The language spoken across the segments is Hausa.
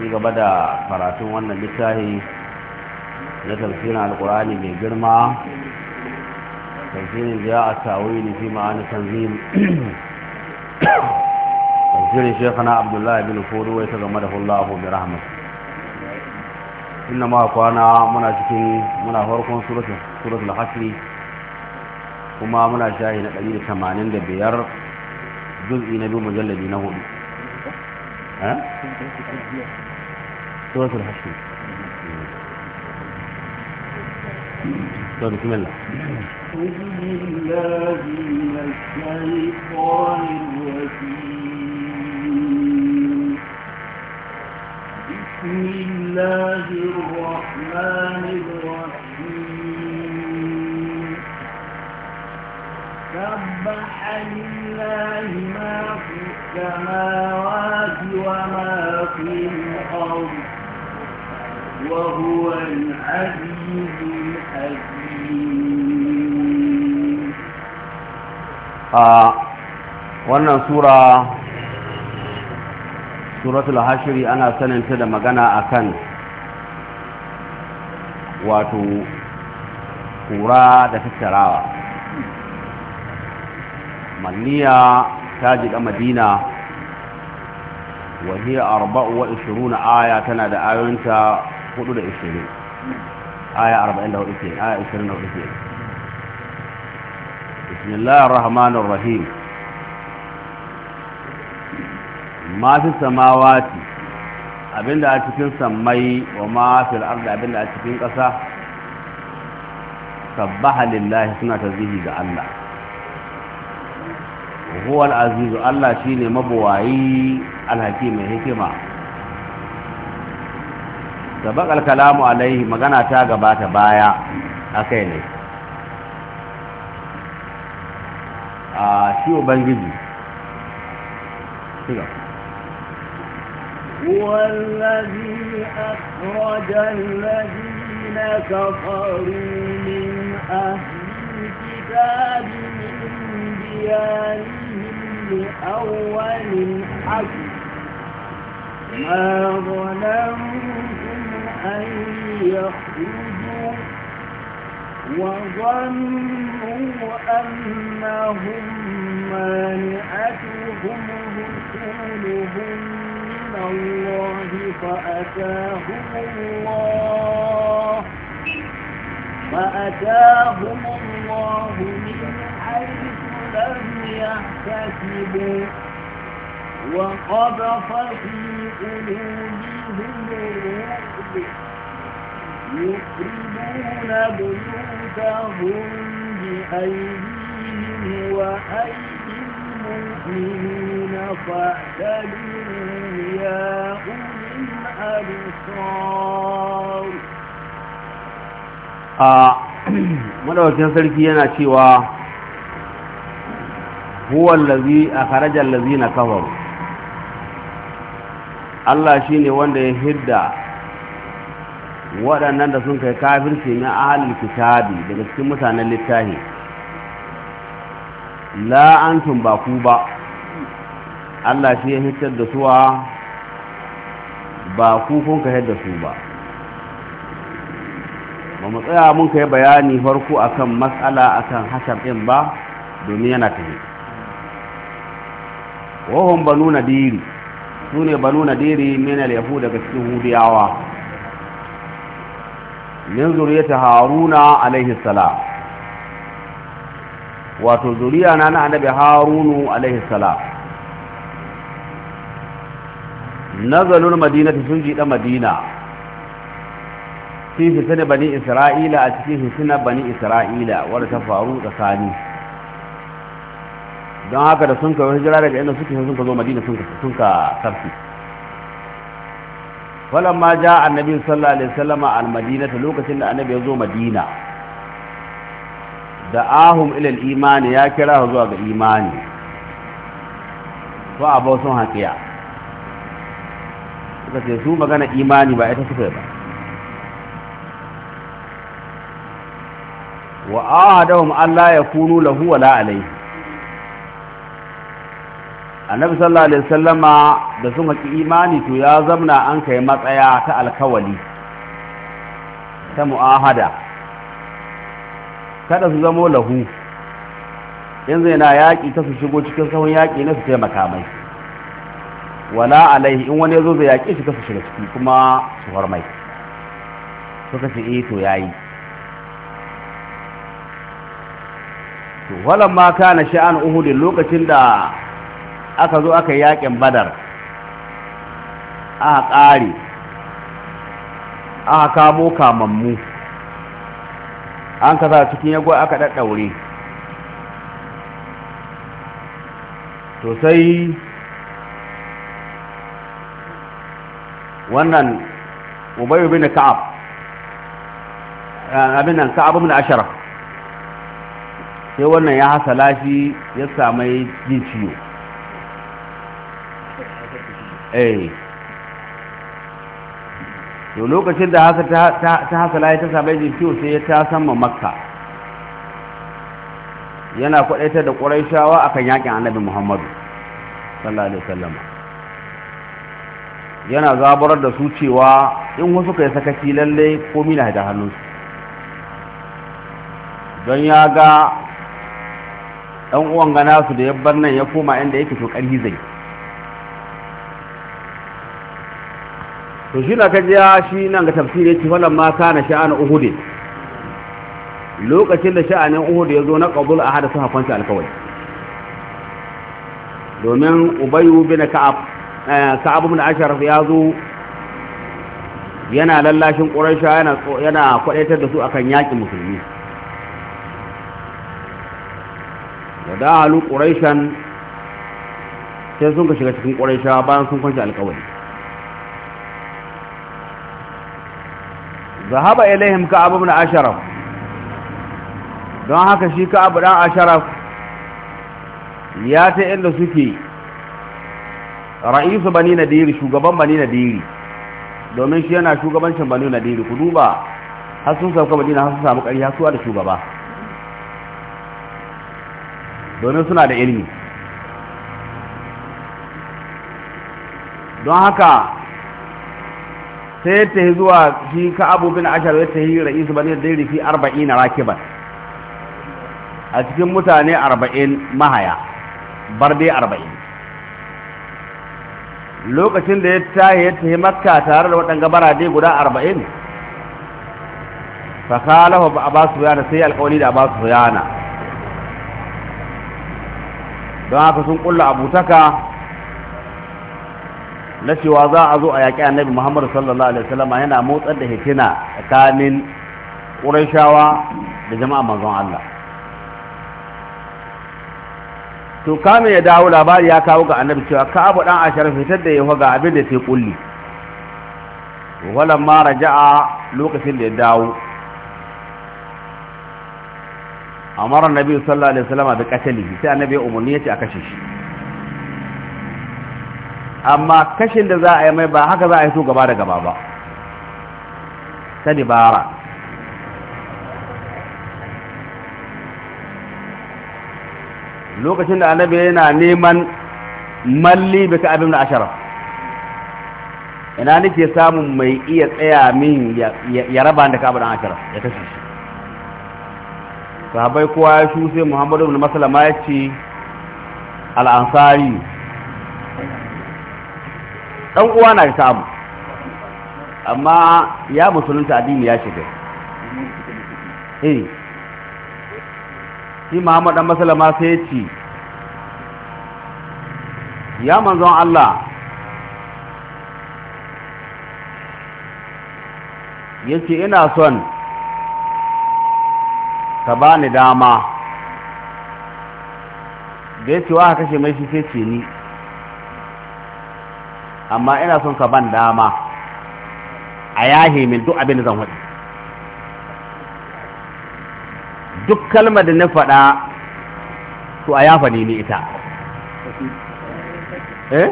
ci gaba da karatun wannan littafi na tafsirin alkur'ani mai girma tafsirin da ya a tawili fi ma'ana tanzim tafsirin na abdullahi bin kudu wai ta game da hullahu bi rahmat inna ma kwana muna cikin muna farkon suratul hasri kuma muna shahi na 185 juz'i na biyu mujalladi na hudu eh? سورة الحشيش طيب، بسم الله من الشيطان بسم الله الرحمن الرحيم سبح لله ما في السماوات وما في الأرض وهو العزيز wannan sura suratul hashiri ana saninta da magana akan wato kura da tattarawa manniya ta jiɗa madina وهي أربع وعشرون آية كان دا آيونتا hudu da ishirin aya arba'in da hudu ke aya ishirin da hudu ke bismillahir rahmanir rahim ma fi samawati abinda a cikin sammai wa ma fil ardi abinda a cikin ƙasa sabbaha lillahi suna tasbihi ga Allah huwal azizu Allah shine mabuwayi alhaki mai hikima sabaq al alaihi magana ta gabata baya akai ne a shi ubangiji shiga هو الذي أخرج الذين كفروا من أهل الكتاب من ديارهم لأول حق ما ظلموا أن يخرجوا وظنوا أنهم مانعتهم رسولهم من الله فأتاهم الله فأتاهم الله من حيث لم يحتسبوا وقذف في قلوبهم يخرجون بيوتهم sarki yana cewa huwa allazi lazi na kafaru Allah shi ne wanda ya hidda waɗannan da sun kai kafirci na ahalin kitabi daga cikin mutanen littafi. la'antun ba ku ba Allah shi ya hitar da suwa ba ku kun ka hidda su ba ba mu tsaya mun kai bayani farko akan matsala akan hashar ɗin ba domin yana tafi wahon nuna diri. su ne banu nadiri mena yahu daga cikin hudiyawa min zuriyata haruna alaihi salam wato zuriya na na annabi harunu alaihi salam nazalul madina sun jiɗa madina fi fitina bani isra'ila a cikin fitina bani isra'ila wadda ta faru tsakani don haka da sun kawo hijira daga inda suke sun ka zo madina sun ka sarfi falon ma ja annabi sallallahu alaihi wasallama al madina ta lokacin da annabi ya zo madina da ahum ilal imani ya kira zuwa ga imani ko abau sun haƙiya suka ce su magana imani ba ita suka yi ba wa ahadahum Allah ya kunu lahu wala alaihi annabi sallallahu alaihi wasallama da sun haƙi imani to ya zamna an kai matsaya ta alkawali ta mu'ahada kada su zamo lahu in zai na yaƙi ta su shigo cikin sahun yaƙi na su taimaka mai wala alaihi in wani ya zo zai yaƙi shi ta su shiga ciki kuma su har mai suka ce eh to yayi to walamma kana sha'an uhud lokacin da aka zo aka yakin badar aka ƙare aka kamo kamammu an kasa cikin yago aka ɗaɗɗaure to sai wannan ubayu bin ka'ab eh, abin nan ka'ab bin asharaf sai wannan ya hasala shi ya samai jin ciwo eh to lokacin da haka ta hasala ya ta sabai jikiyo sai ya ta sama makka yana kwadaitar da ƙuraishawa kan yakin annabi muhammadu sallallahu alaihi wasallam yana zabarar da su cewa in wasu kai sakaci lalle komi na da hannunsu don ya ga ɗan uwan gana su da yabbar nan ya koma inda yake to ƙarfi zai to shi na jiya shi nan ga tafsiri ce falan ma kana sha'an uhud lokacin da sha'anin uhud ya zo na qabul ahad sun hafanta alkawai domin ubayu bin ka'ab eh, ka'ab bin Ashar ya zo yana lallashin quraisha yana yana kwadaitar da su akan yaki musulmi wadalu quraishan sai sun ka shiga cikin quraisha bayan sun kwanta alkawai zahaba ilaihim ka'ab ibn asharaf don haka shi ka abu dan asharaf ya ta inda suke ra'isu bani nadiri shugaban bani nadiri domin shi yana shugabancin bani nadiri ku duba har sun sauka madina har sun samu ƙari har suwa da shugaba domin suna da ilimi don haka sai ta yi zuwa shi ka abubin ashar da ta yi ra'isu bane da rufi arba'in na rakiban a cikin mutane arba'in mahaya bar dai arba'in lokacin da ya tahi ya tahi makka tare da waɗanga dai guda arba'in fakalahu ba ba su yana sai alƙawari da ba su yana don haka sun ƙulla abutaka na cewa za a zo a yaƙi annabi muhammadu sallallahu alaihi wasallam yana motsar da hitina tsakanin ƙurashawa da jama'a manzon Allah to kame ya dawo labari ya kawo ga annabi cewa ka abu dan ashar fitar da yawa ga abin da sai kulli walan ma raja'a lokacin da ya dawo amara annabi sallallahu alaihi wasallam bi qatlihi sai annabi ya umarni yace a kashe shi amma kashin da za a yi mai ba haka za a yi so gaba da gaba ba ta dibara lokacin da annabi yana neman malli bi ka abin da ashara ina nake samun mai iya tsaya min ya raba da ka'aba ashara ya kashe shi kowa ya shu sai muhammadu ibn maslama ya ce al-ansari dan uwa na samu amma ya musulunta addini ya shiga eh shi Muhammad dan Masalama sai ya ya manzon Allah yace ina son ka bani dama da ya ce wa kashe mai shi sai ce ni amma ina son ka ban dama a yahi min duk abin da zan faɗi duk kalmar da na faɗa to a yafa ne ni ita eh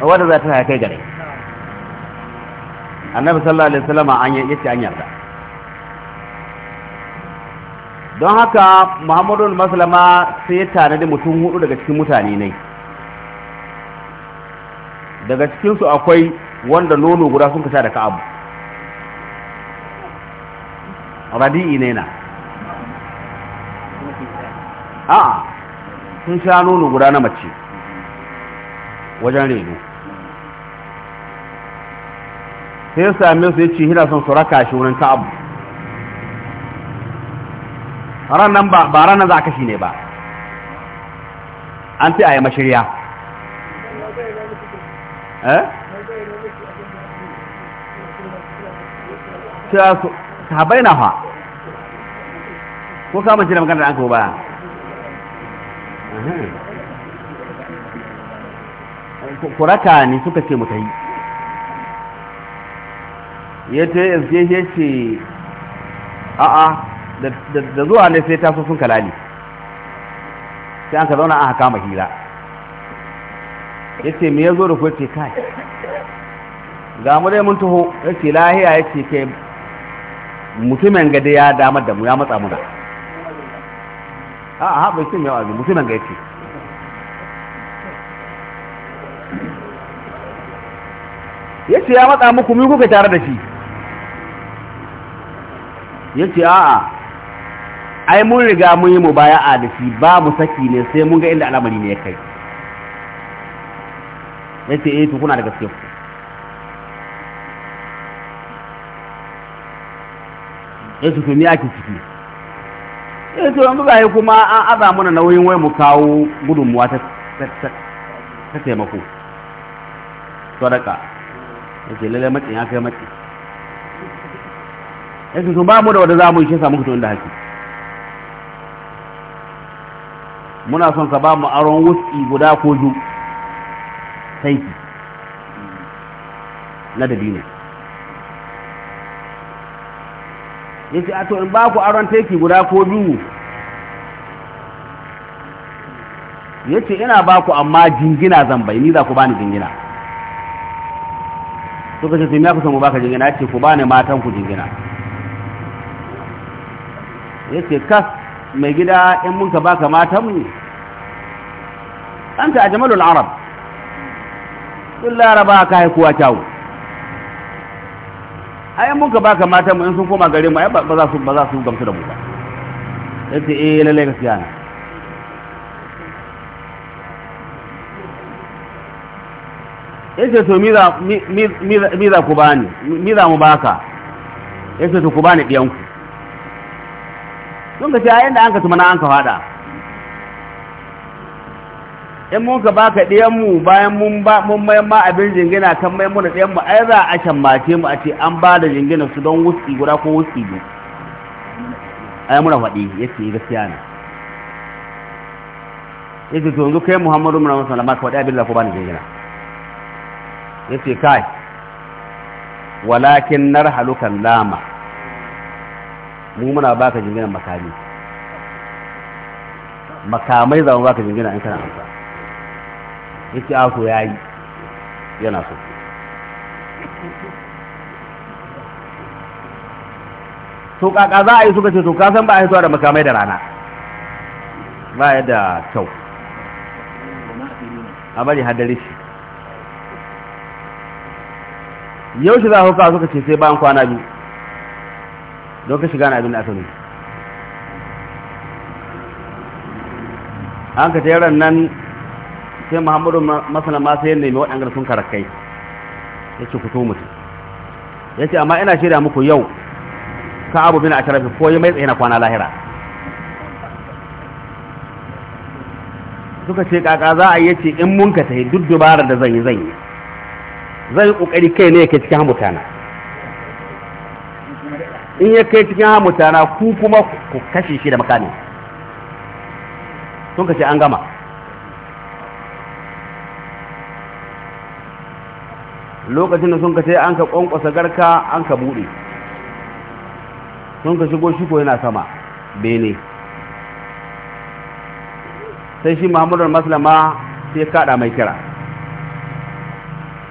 wanda za ta kai gare annabi sallallahu alaihi wasallam an yace an yarda don haka muhammadu maslama sai ya tanadi mutum hudu daga cikin mutane ne daga cikinsu akwai wanda nono guda sun kasa da ka'abu radi'i ne na a'a sun sha nono guda na mace wajen reno sai ya same su ya ce hina son su raka shi wurin ka'abu ranar ba ranar za a kashi ne ba an fi a yi mashirya Eh? cewa sahabai na fa ko kama ce da magana da an kawo baya kuraka ne suka ce mu ta yi ya ce yanzu ya ce a'a da zuwa ne sai ta sun kalali sai an ka zauna an haka hira ya ce me ya zo da kwace ce kai ga mu dai mun taho ya ce lahiya ya ce kai mutumin gade ya damar da mu ya matsa muna a'a bai ce mai wa'azi mutumin ga ya ce ya ce ya matsa muku mu kuka tare da shi ya ce a'a ai mun riga mun yi mu a da shi ba mu saki ne sai mun ga inda al'amari ne ya kai ya ce eh to kuna da gaske ku ya ce to ni ake ciki ya ce yanzu ga kuma an aza mana nauyin wai mu kawo gudunmuwa ta taimako sadaka ya ce lalle matsin ya kai matsin ya ce to ba mu da wanda za mu yi shi samu fito inda haki muna son ka ba mu aron wuski guda ko biyu na da ne ya ce a to in ba ku aron teki guda ko biyu ya ce ina ba ku amma jingina zan bai ni za ku bani jingina suka ce tun ya kusa mu baka jingina ya ce ku bani matan ku jingina ya ce kas mai gida in mun ka baka matan mu anta ajmalul arab in laraba ka haikuwa kyawu a yin muka baka mata mu in sun koma gare mu ai ba za su ba za su gamsu da mu ba yace eh lalle gaskiya na yace to mi za mi za ku bani mi za mu baka yace to ku bani diyan ku don ka ce a yanda an ka tuma na an ka fada in mun ka baka ɗiyanmu bayan mun ba mun mayan ma abin jingina kan mai muna ɗiyanmu ai za a mace mu a ce an ba da jingina su don wuski guda ko wuski biyu ai muna faɗi yace gaskiya ne yace to yanzu kai Muhammadu mun rawu sallama ka faɗi abin da ko ba ni jingina yace kai walakin narhalukan lama mu muna baka jingina makami makamai za mu baka jingina in kana amfani yace ako yi yana so to kaka za a yi suka ce to kasan ba a yi da makamai da rana ba ya da kyau a bari hadari shi yau shi za a hukawa suka ce sai bayan kwana biyu don ka shiga na abin da aka nuna an ka teran nan sai muhammadu masana ma sai nemi waɗanda sun karakai ya ce fito mutum ya ce amma ina shirya muku yau ka abu bin a sharafi ko yi mai tsaye na kwana lahira suka ce kaka za a yi ce in mun ka tafi duk dubarar da zan yi zan yi zan yi kokari kai ne ke cikin hamutana in ya kai cikin hamutana ku kuma ku kashe shi da makami sun ka ce an gama lokacin da sun ka sai an ka ƙwanƙwasa garka an ka buɗe sun ka shigo shi ko yana sama bene sai shi mahamudar maslama sai kaɗa mai kira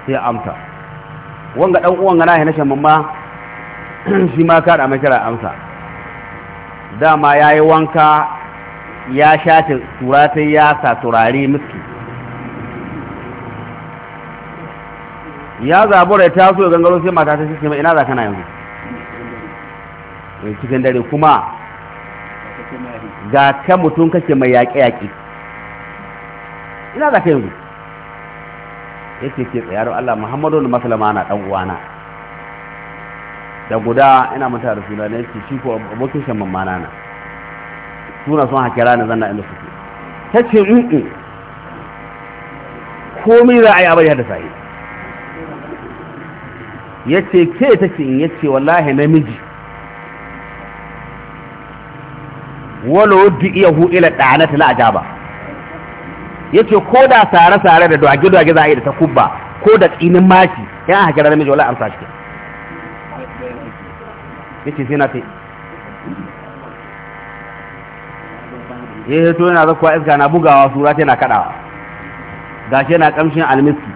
sai amsa wanga ɗan uwan gana ya nashan mamma shi ma kaɗa mai kira amsa dama ya yi wanka ya sha turatai ya sa turare miski ya zabura ya so ya gangaro sai mata ta ce mai ina za kana yanzu eh, cikin dare kuma ga ta mutum kake mai yaƙe-yaƙe ina za ka yanzu yake ke tsayarar Allah Muhammadu da Masalama na ɗan uwana da guda ina mata da suna ne yake shi ko abokin shan mamana na suna sun hakira na zanna inda suke ta ce in komai za a yi abai da sa'i ya ce ke ta ce ya ce wallahi namiji wala wadda iya hu ila ta la'aja ajaba ya ce ko da sare-sare da dwage-dwage za a yi da takubba ko da tsinin maki ya an hajjara namiji wala amsa shi ya ce sai na ce ya eh, yi to yana zakuwa iska na bugawa sura ta yana kaɗawa gashi yana ƙamshin almiski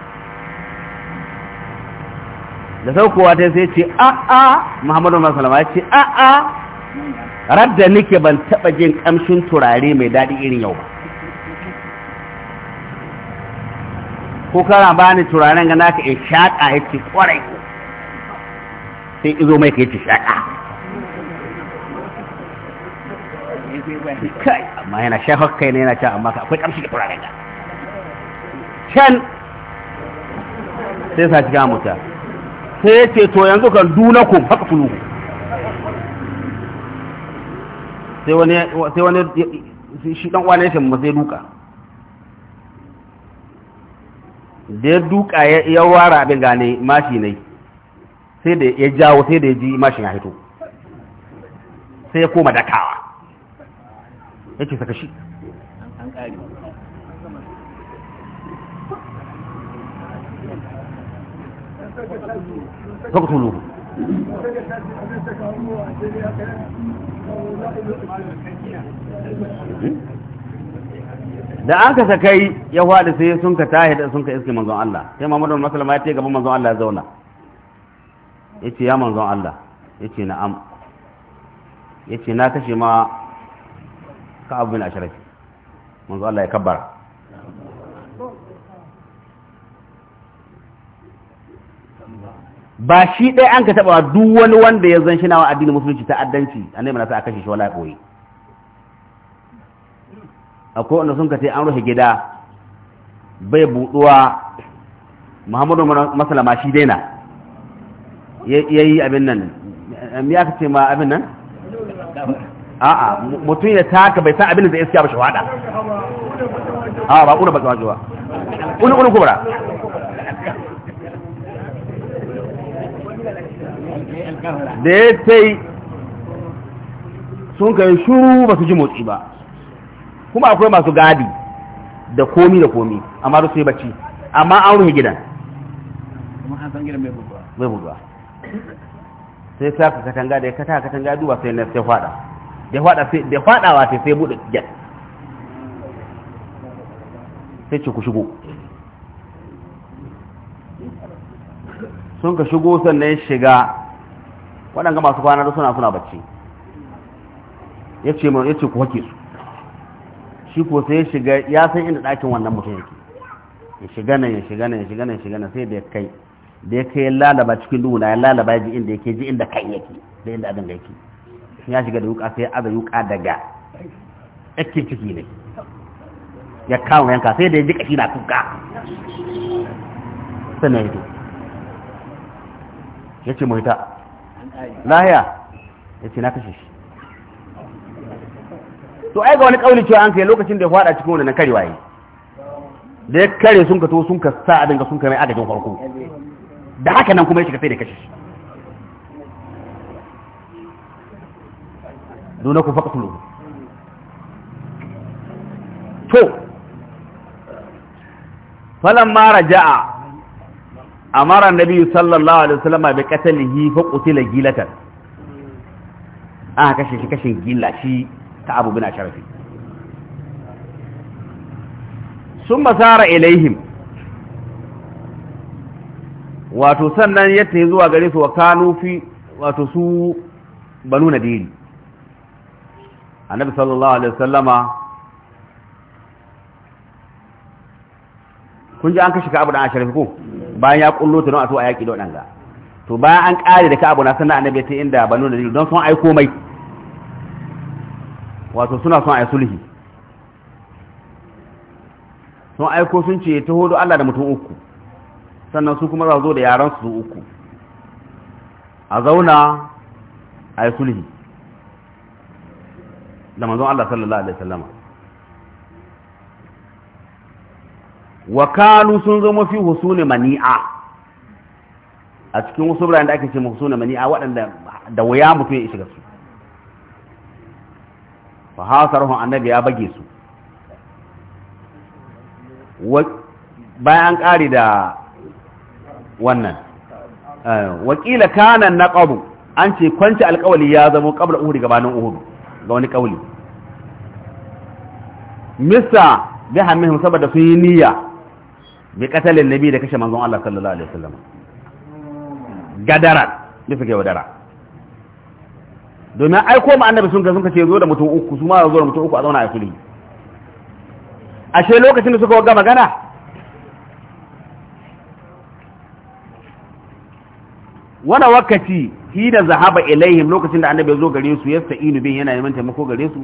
da saukowa ta sai ce a'a muhammadu masalama ya ce a'a radda nike ban taba jin kamshin turare mai daɗi irin yau ba ko kana ba ni turaren ga naka in shaƙa ya ce ƙwarai sai izo mai ka yi shaƙa kai amma yana shafar kai ne yana cewa amma ka, akwai kamshi da turaren ga can sai sa shiga mutane sai ya ce to yanzu kan dunakum haka fulu sai wani sai wani shi dan uwa ne shi sai duka da ya duka ya wara abin gane mashi ne sai da ya jawo sai da ya ji mashi ya hito sai ya koma dakawa yake saka shi فاقتلوه da an ka sakai ya faɗi sai sun ka tahi da sun ka iske manzon Allah sai Muhammadu Maslama ya ce gaban manzon Allah ya zauna yace ya manzon Allah yace na'am yace na kashe ma ka abu bin asharif manzon Allah ya kabbara ba shi ɗaya an ka taɓa duk wani wanda ya zan shi nawa addinin musulunci ta'addanci annabi na sa a kashe shi wala ɓoye akwai wanda sun ka ce an rufe gida bai buɗuwa muhammadu ma shi daina ya yi abin nan ya ka ce ma abin nan a'a mutum ya taka bai san abin da zai iska ba shi wada a ba ƙuna ba ƙuna ƙuna kubra da ya tai sun kai shuru ba su ji motsi ba kuma akwai masu gadi da komi da komi amma da su yi bacci amma an ruhe gidan mai buduwa sai sa ka katanga da ya kata katanga duba sai na sai fada da fadawa sai sai bude jet sai ce ku shigo sun ka shigo sannan shiga waɗanga masu kwana da suna suna bacci ya ce mai yace ku hake su shi ko sai ya shiga ya san inda ɗakin wannan mutum yake ya shiga nan ya shiga nan ya shiga nan ya shiga nan sai da ya kai da ya kai ya lalaba cikin duhu na ya lalaba ya ji inda yake ji inda kan yake da inda abin yake ya shiga da yuka sai ya aza yuka daga ɗakin ciki ne ya kawo yanka sai da ya ji kashi na kuka sannan ya ce mu hita lahiya ya ce na kashe shi to ai ga wani kauli cewa an kai lokacin da ya fada cikin wannan kare waye, da ya kare sun ka to sun ka sa abin ga sun ka mai agajin farko da haka nan kuma ya shiga sai da kashe shi dole ku faka kullu to falan mara ja'a amara nabi sallallahu alaihi wasallam bi qatlihi fa qutila gilatan aka kashe shi ta abu bin asharafi sun masara ilaihim wato sannan yadda ya zuwa su wa fi wato su banu nadiri annabi sallallahu alaihi kun ji an kashe ko bayan ya kullo ta don a so a yaki da waɗanga to bayan an ƙare da ka'abu na sannan a ta inda banu da don sun aiko mai wato suna son a yi sulhi sun aiko sun ce ta hudu Allah da mutum uku sannan su kuma za zo da yaran su uku a zauna a yi sulhi da manzon Allah sallallahu alaihi wasallama wa kanu sun zama fi husuni mani'a a cikin wasu da ake ce husuni mani'a waɗanda da wuya mutu ya shiga su fa hasarhum annabi ya bage su bayan ƙari da wannan eh, wakila kanan na ƙabu an ce kwanci alƙawali ya zama ƙabla uhuri gabanin uhuru ga wani ƙauli mista bi hamihim saboda sun yi niyya bi katalin nabi da kashe manzon Allah sallallahu alaihi wasallam gadara bisa ga wadara domin ai ko ma annabi sun ga sun kace zo da mutum uku su ma zo da mutum uku a zauna a sulhi ashe lokacin da suka ga magana wani wakati hina zahaba ilaihim lokacin da annabi ya zo gare su yasta inu bin yana neman taimako gare su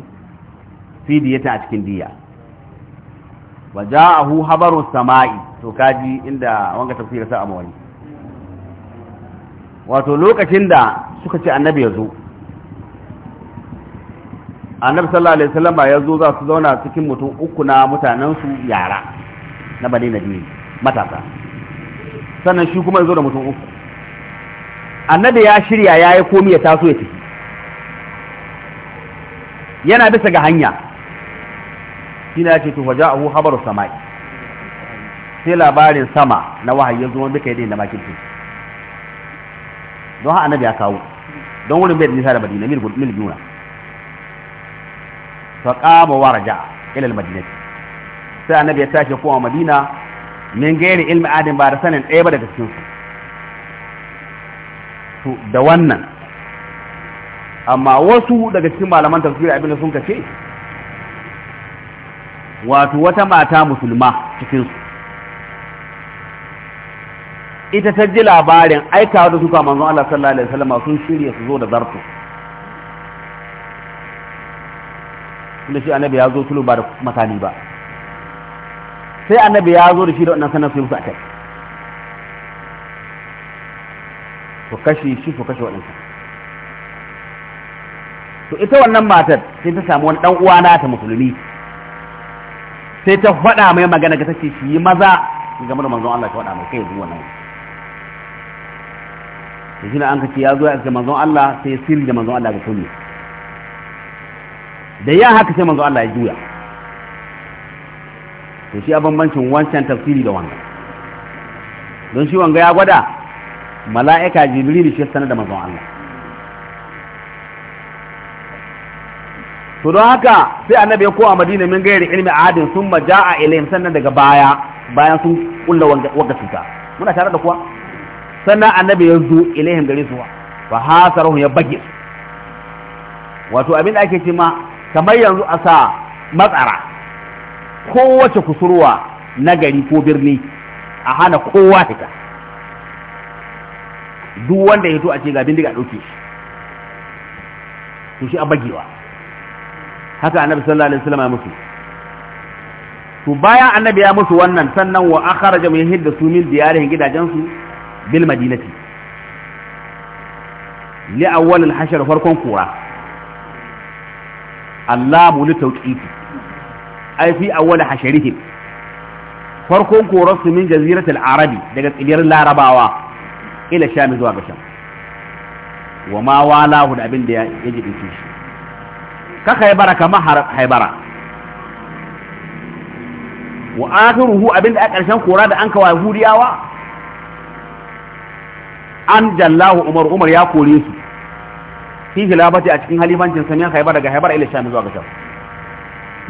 fi diyata a cikin diya wa ja'ahu habaru sama'i to kaji inda wanga tafsira sa amawani wato lokacin da suka ce annabi ya zo annabi sallallahu alaihi wasallam ya zo za su zauna cikin mutum uku na mutanen su yara na bani nabi matasa sannan shi kuma ya zo da mutum uku annabi ya shirya ya yi komi ya taso ya tafi yana bisa ga hanya shine yace to waja'ahu habaru samai sai labarin sama na wahayi ya zo duka yadda da makin tun don haɗa na biya kawo don wurin bai da nisa da madina mil mil juna fa qama wa raja ila al madinati sai annabi ya tashi kowa madina min gairi ilmi adin ba da sanin ɗaya ba daga cikin su to da wannan amma wasu daga cikin malaman tafsiri abin da sun kace wato wata mata musulma cikinsu ita ta ji labarin aikawa da suka manzon Allah sallallahu alaihi wasallam sun shirya su zo da zarto tunda shi annabi ya zo sulu ba da makani ba sai annabi ya zo da shi da wannan sanar su musu akai to kashi shi to kashe waɗansa to ita wannan matar sai ta samu wani ɗan uwa ta musulmi sai ta faɗa mai magana ga tace shi maza game da manzon Allah ta faɗa mai kai yanzu wannan da shi na an kace ya zo ya manzon Allah sai sirri da manzon Allah ga kulli da ya haka sai manzon Allah ya juya to shi a bambancin wancan tafsiri da wannan don shi wanga ya gwada mala'ika jibril shi sanar da manzon Allah to don haka sai annabi ya koma madina min gairi ilmi adin sun a ilayhim sannan daga baya bayan sun kulla wanga cuta muna tare da kuwa sannan annabi ya zo ilayhim gari su fa hasaruhu ya bage wato abin da ake ce ma kamar yanzu a sa matsara kowace kusurwa na gari ko birni a hana kowa fita duk wanda ya to a ce ga bindiga ɗauke shi to shi a bagewa haka annabi sallallahu alaihi wasallam ya musu to baya annabi ya musu wannan sannan wa akharaja min hidda su min diyarihin gidajensu bil madinati li awwal al hashar farkon kura allamu li tawqiti ay fi awwal hasharihim farkon kura su min jazirat al arabi daga tsibiyar larabawa ila sham zuwa ga sham wa ma walahu da abin da ya jibe shi ka haibara kama haibara wa akhiruhu abinda a ƙarshen kora da an kawa yahudiyawa an jallahu umar umar ya kore su fi hilabati a cikin halifancin samin haibar daga haibar ila sham zuwa ga sham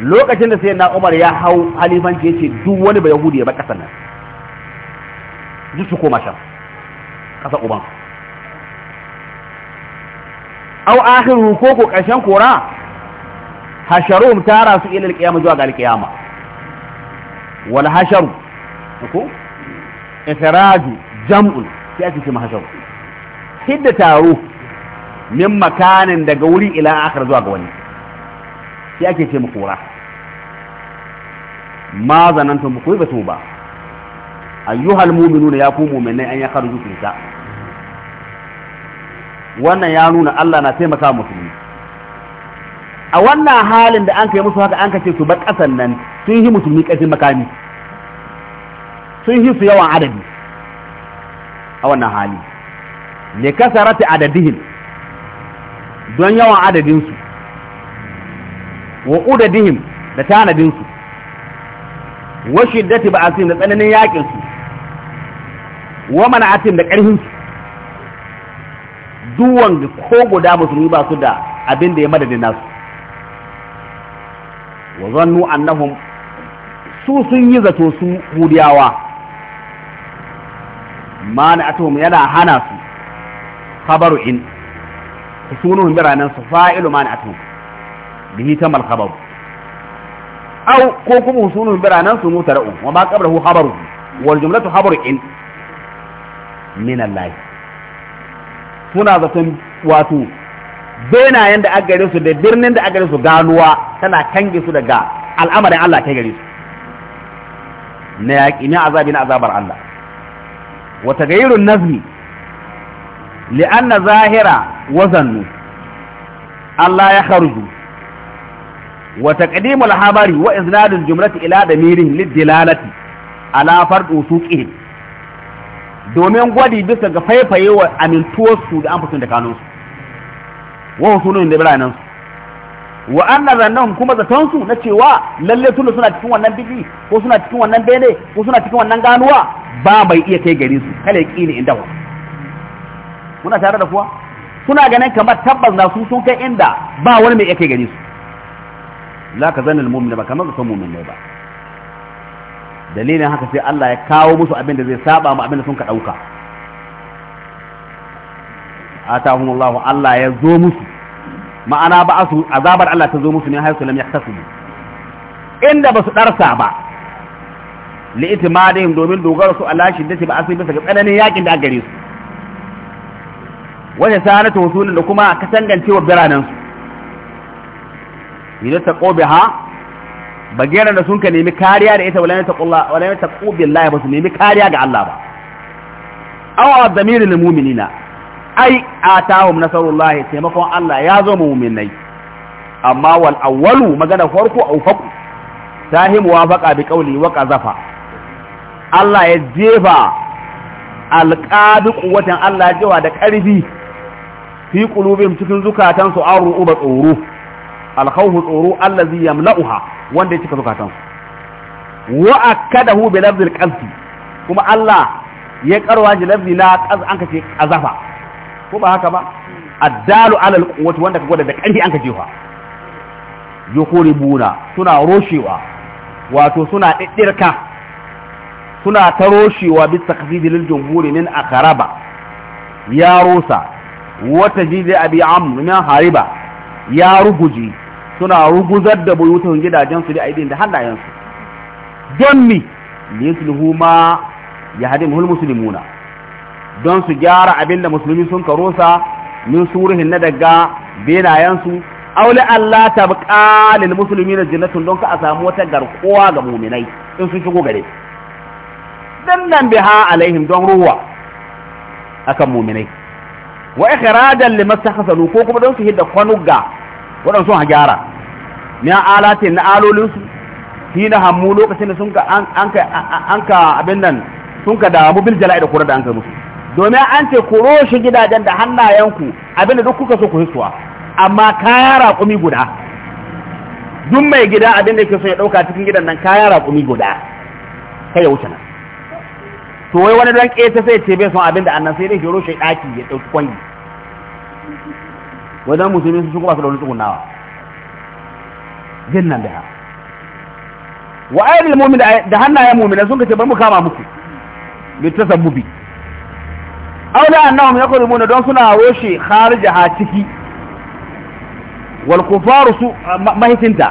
lokacin da sayyidina umar ya hau halifanci yace duk wani ba yahudi ya ba kasar nan duk su koma sham kasa uban aw akhiru ko ko ƙarshen kora hasharum tara su ila alqiyama zuwa ga alqiyama wal hasharu ko israju jam'un sai ake ma hasharu hidda taro min makanin daga wuri ila akhir zuwa ga wani shi ake ce kura ma zanantum ku ba ba ayyuhal mu'minuna ya ku mu'minai an ya kharju fita wannan ya nuna Allah na taimaka musulmi a wannan halin da an kai musu haka an kace su bar kasan nan sun yi musulmi ƙarfin makami sun yi su yawan adadi a wannan hali ne kasarati adadihin don yawan adadinsu wa udadihim da tanadinsu wa shiddati ba'asin da tsananin yaƙinsu wa mana'atin da ƙarhinsu duwan ko guda musulmi ba su da abin da ya madadin nasu zannu annahum su sun yi zato su hudiyawa mana atuhum yana hana su khabaru in sunuhum biranen su fa'ilu mana atuhum bihi tamal khabaru aw ko kuma sunuhum biranen su mutara'u wa ma qablahu khabaru wal jumlatu khabaru in min Allah suna zaton wato benayen da aka gare su da birnin da aka gare su ganuwa tana kange su daga al'amarin Allah kai gare su na yaƙi na azabi na azabar Allah Wata gairun nazmi li'anna zahira wazannu Allah ya kharuju wata taqdimul habari wa iznadul jumlati ila damirin lidilalati ala fard usuqihim domin gwadi bisa ga faifaye wa amintuwar su da amfasun da kanunsu wa husunun da biranensu wa anna zannahum kuma zaton su na cewa lalle tunda suna cikin wannan bigi ko suna cikin wannan bene ko suna cikin wannan ganuwa ba mai iya kai gare su kala ya ne inda wa muna tare da kuwa suna ganin kamar tabbas na su sun kai inda ba wani mai iya kai gare su la ka zanna almu'min ba kamar sun mu'min ne ba dalilin haka sai Allah ya kawo musu abin da zai saba mu abin da sun ka dauka atahumullahu Allah ya zo musu ma'ana ba su azabar Allah ta zo musu ne haisu lam yahtasibu inda ba su darsa ba li itimadihim domin dogara su Allah shi dace ba asiri bisa ga tsananin yakin da aka gare su wajen sanata wasulun da kuma sangance wa biranen su idan ta kobe ha ba bagera da sun ka nemi kariya da ita wala ta qulla wala ta qobi Allah ba su nemi kariya ga Allah ba aw adamirin mu'minina ai a hum nasarullahi taimakon Allah ya zo mu mu'minai amma wal awwalu magana farko au faqu sahim wa faqa bi qawli wa qazafa Allah ya jefa alqadi quwwatan Allah jewa da karfi fi qulubihim cikin zukatan su uba ru'uba tsoro khawfu tsoro allazi yamla'uha wanda ya cika zukatan su wa akadahu bi lafzil qalbi kuma Allah ya karwa ji lafzi na qaz an kace qazafa ko ba haka ba addalu ala alquwwati wanda ka gwada da ƙarfi an ka jefa Buna suna roshewa wato suna ɗiɗɗirka suna ta roshewa bi takfidi lil jumhuri min akaraba ya rusa, wata jide abi amr min hariba ya ruguji suna ruguzar da buyutun gidajen su da aidin da hannayen su don mi yusluhu ma yahdimuhul muslimuna don su gyara abin da musulmi sun karosa min surihin na daga benayensu auli Allah ta buƙa lil musulmi na jinnatun don ka a samu wata garkuwa ga muminai in sun shigo gare dannan biha alaihim don ruwa akan muminai wa ikhrajan limastakhsalu ko kuma don su hidda kwanuga wadan sun ha gyara ni alatin na alolin su hina hammu lokacin da sun ka an ka abin nan sun ka damu bil jala'i da kura da an ka musu domin an ce ku roshe gidajen da hannayenku abinda duk kuka so ku hisuwa amma kaya raƙumi guda duk mai gida abinda ke so ya ɗauka cikin gidan nan kaya raƙumi guda ka ya wuce nan to wai wani dan ƙeta sai ce bai son abinda annan sai dai shi roshe ɗaki ya ɗauki kwangi wajen musulmi sun kuma su da wani tsugunawa jin nan da ha wa da hannayen mu'mina sun ce bar mu kama muku bi tasabbubi aula annahum yaqrumuna don suna roshe kharijaha ciki wal kufaru su mahitinta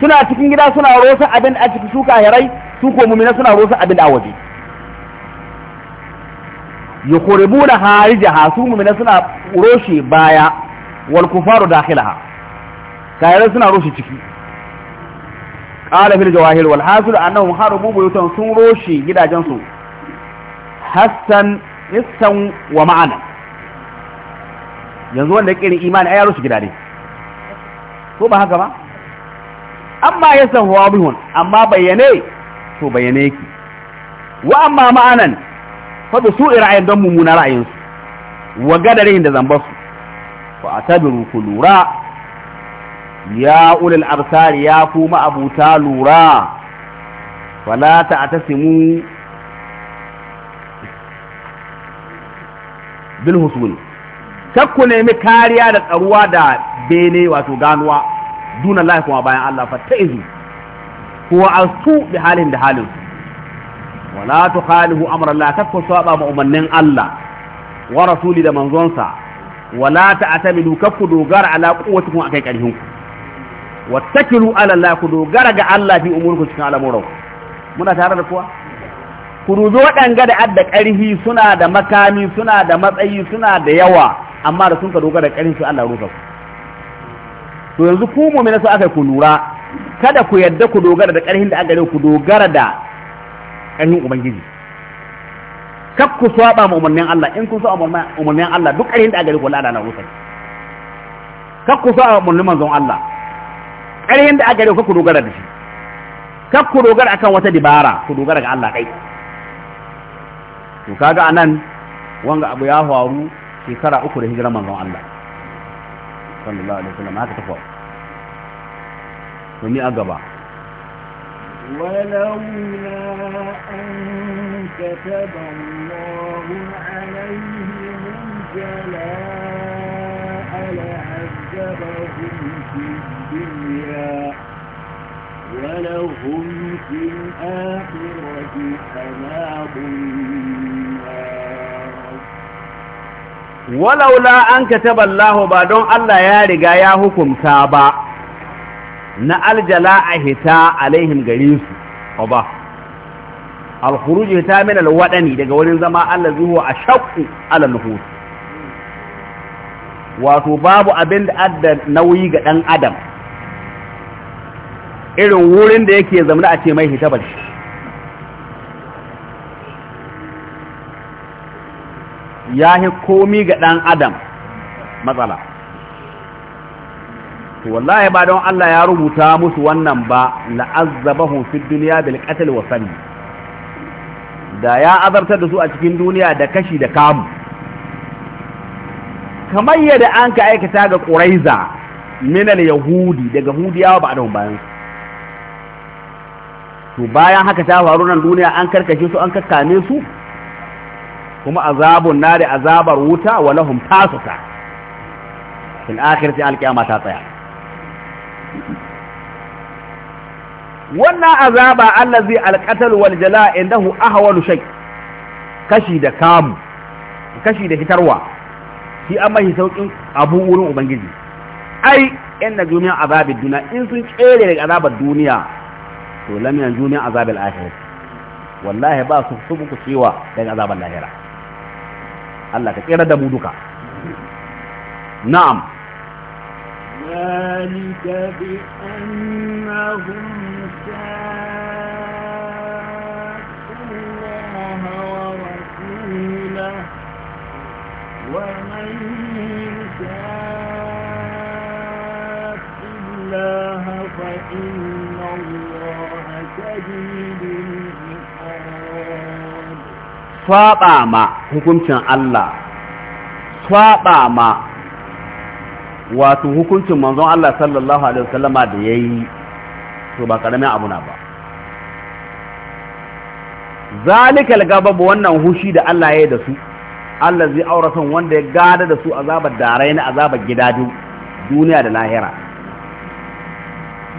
suna cikin gida suna rosa abin a ciki su kahirai su ko mumina suna rosa abin a waje yuqribuna harijaha su mumina suna roshe baya wal kufaru dakhilaha kahirai suna roshe ciki qala fil jawahir wal hasil annahum harabu buyutan sun roshe gidajen su hassan hissan wa ma'ana yanzu wanda irin imani ai rusu gida ko ba haka ba amma yasan huwa bihun amma bayyane to bayyane yake wa amma ma'anan fa bi su'i ra'ayin don mummuna ra'ayin su wa gadarin da zambar su fa atabiru ku lura ya ulul absar ya kuma abuta lura fala ta'tasimu bilhusuli husuli ku nemi kariya da tsaruwa da bene wato ganuwa duna Allah kuma bayan Allah fa ta'izu huwa asu bi halin da halin wala tukhalihu amra Allah kakku saba ma umannin Allah wa rasuli da manzonsa wala ta'tamidu kakku dogara ala quwwatikum akai karhinku wattakilu ala Allah ku dogara ga Allah fi umurku cikin al'amuran muna tare da kuwa ku waɗanga da adda ƙarfi suna da makami suna da matsayi suna da yawa amma da sun ka dogara da ƙarfi su Allah rusa ku to yanzu ku mu'mina su aka ku lura kada ku yadda ku dogara da ƙarfin da aka gare ku dogara da ƙarfin ubangiji kak ku saba ma umarnin Allah in kun saba umarnin Allah duk ƙarfin da aka gare ku Allah na rusa kak ku saba umarnin manzon Allah ƙarfin da aka gare ku ku dogara da shi kak ku dogara akan wata dibara ku dogara ga Allah kai to kaga anan wanga abu ya faru shekara uku da hijira manzon Allah sallallahu alaihi wasallam haka ta faru to ni a gaba ولولا أن كتب الله عليهم الجلاء لعذبهم في الدنيا ولهم في الآخرة عذاب walaula an kataba Allahu ba don Allah ya riga ya hukunta ba na aljala a hita alaihim gare su ba alkhuruj hita min alwadani daga wurin zama Allah zuwa a shakku ala nuhus wato babu abin da adda nauyi ga ɗan adam irin wurin da yake zama a ce mai hita bar shi ya yi komi ga ɗan adam matsala to wallahi ba don Allah ya rubuta musu wannan ba la'azzabahum fid duniya bil qatl wa sani, da ya azartar da su a cikin duniya da kashi da kamu kamar yadda an ka aikata ga ƙuraiza, minal yahudi daga hudiyawa ba don bayan to bayan haka ta faru nan duniya an karkashe su an kakkame su kuma azabun nari azabar wuta wa lahum tasuta fil akhirati alqiyama ta tsaya wannan azaba allazi alqatal wal jala indahu ahwalu shay kashi da kamu kashi da fitarwa shi amma shi saukin abu wurin ubangiji ai inna duniya azabid duniya in sun tsere daga azabar duniya to lam yanjuni azabil akhirah wallahi ba su subuku cewa daga azabar lahira Allah ka tsira da mu duka na'am ذلك بأنهم شاقوا الله ورسوله ومن saba ma hukuncin Allah saba ma wato hukuncin manzon Allah sallallahu alaihi wasallama da yayi to ba karamin abu na ba zalikal gabab wannan hushi da Allah ya yi da su Allah zai auratan wanda ya gada da su azabar darai na azabar gida duniya da lahira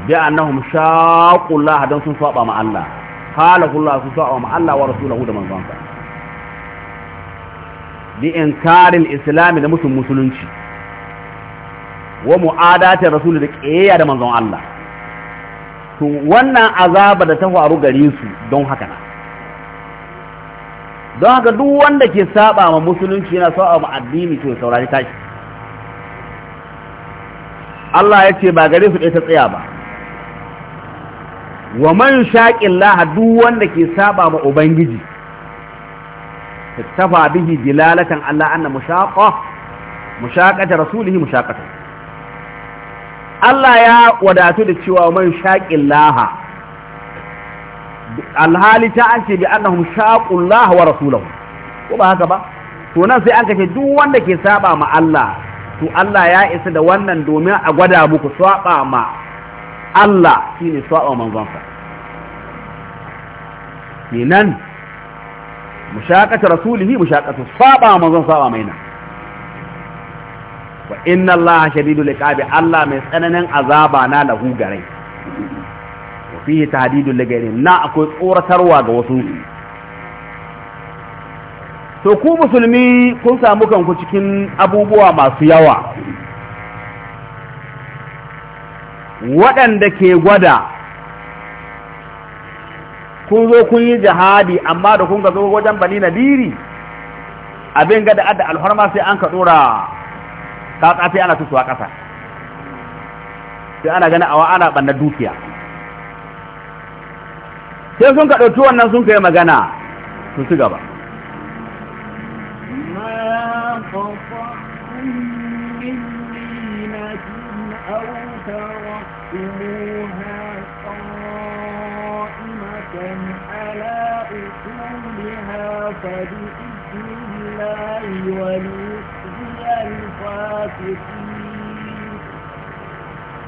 bi annahum shaqullah dan sun saba ma Allah halakul sun saba ma Allah wa rasulahu da manzon Allah bi inkarin islami da musun musulunci wa mu'adatin rasul da kiyaya da manzon Allah to wannan azaba da ta faru gare su don haka na don haka duk wanda ke saba ma musulunci yana saba ma addini to saurari tashi Allah ya ce ba gare su ɗaya ta tsaya ba wa man shaƙin laha duk wanda ke saba ma ubangiji tafa bihi jilalatan Allah anna mushaqa mushaqata rasulihi mushaqata Allah ya wadatu da cewa man shaqin laha alhali ta an ce bi annahum shaqul laha wa ko ba haka ba to nan sai an kace duk wanda ke saba ma Allah to Allah ya isa da wannan domin a gwada muku saba ma Allah shine saba manzon sa kenan mushaqatu rasulihi mushaqatu saba manzon saba mai nan wa inna allaha shadidul iqabi allah mai tsananin azaba na lahu garai wa fihi tahdidul ligairin na akwai tsoratarwa ga wasu to ku musulmi kun samu kanku cikin abubuwa masu yawa waɗanda ke gwada kun zo kun yi jihadi amma da kun ga zo wajen bani diri abin ga da adda alhorma sai an ka dora ta tsafi ana tusuwa ƙasa sai ana gani a wa'ala ɓanna dukiya sai sun ka ɗauki wannan sun kai magana su ci gaba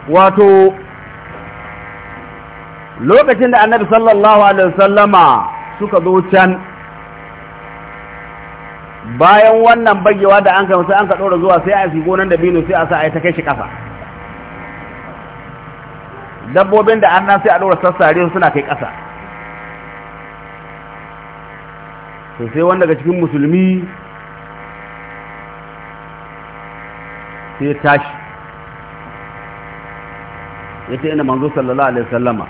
wato lokacin da annabi sallallahu alaihi wasallama suka zo can bayan wannan bagewa da an sai an ka ɗora zuwa sai a shigo nan da binu sai a sa a ta kai shi ƙasa dabbobin da an sai a ɗora sassare suna kai kasa to sai wanda ga cikin musulmi sai ya tashi ya ce ina manzo sallallahu alaihi wasallama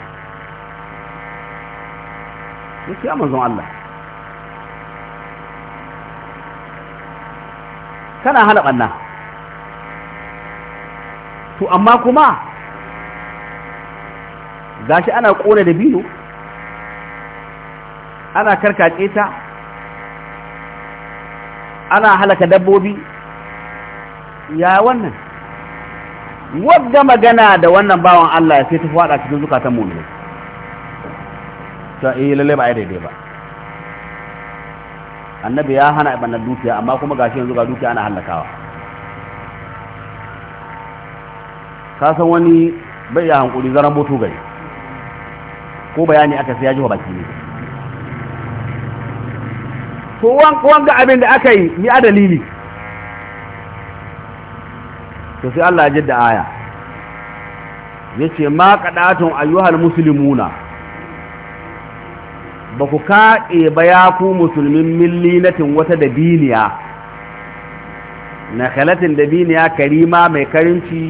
ya ce ya manzon Allah kana hana ɓanna to amma kuma gashi ana ƙone da biyu ana karkace ta ana halaka dabbobi ya wannan wadda magana da wannan bawan Allah ya sai ta fada cikin zukatan ne to eh lalle ba ai daidai ba annabi ya hana ibn dukiya amma kuma gashi yanzu ga dukiya ana halakawa ka san wani bai ya hankuri zaran boto gari ko bayani aka sai ya ji baki ne to wanga abin da aka yi ni a dalili to sai Allah ya da aya yace ma qadatun ayyuhal muslimuna ba ku kaɗe ba ya ku musulmin millinatin wata dabiniya na khalatin dabiniya karima mai karimci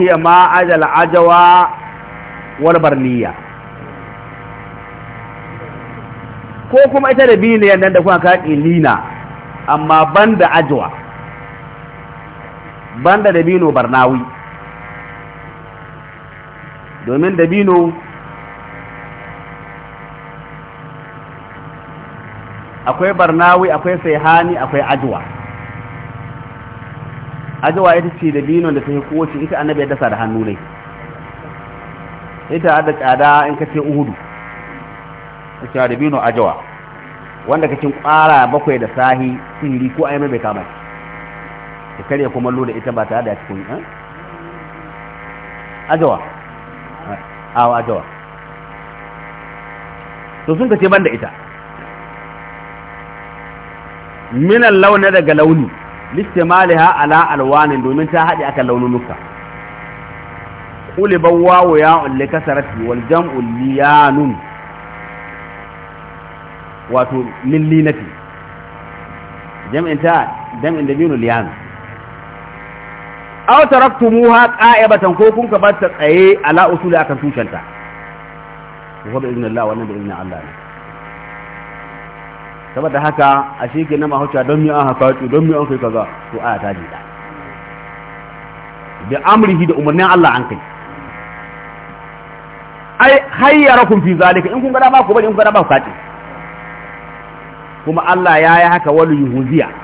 hiya ma ajal ajawa wal barniya ko kuma ita da biniyan nan da kuka ka lina amma banda da ajawa banda dabino barnawi domin dabino akwai barnawi akwai saihani akwai ajwa. Ajwa ita ce dabino da ta yi kowace ita annabi ya dasa da hannu ne ita da tsada in kace uhudu ta cewa dabino ajwa wanda kacin kwara bakwai da sahi sihiri ko ayyami bai kama shi ya karya kumallo da ita ba ta da cikin ɗan eh? ajawa awa ajawa to sun ka ce ban da ita minan launa daga launi maliha ala alwanin domin ta haɗe akan nuka. ƙuliban wawo ya ulle kasarati wal jam'u liyanun wato lillinati jam'in ta jam'in da binu liyanu aw taraktumuha qa'ibatan ko kun ka ta tsaye ala usuli akan tushenta wa bi Allah wannan bi idnin Allah ne saboda haka a shi ke nama hausa don mi an haka don mi an kai kaza to aya ta jida da amrihi da umarnin Allah an kai ai hayyarakum fi zalika in kun ga ba ku bari in kun ga dama ku kace kuma Allah ya yi haka wal yuhziya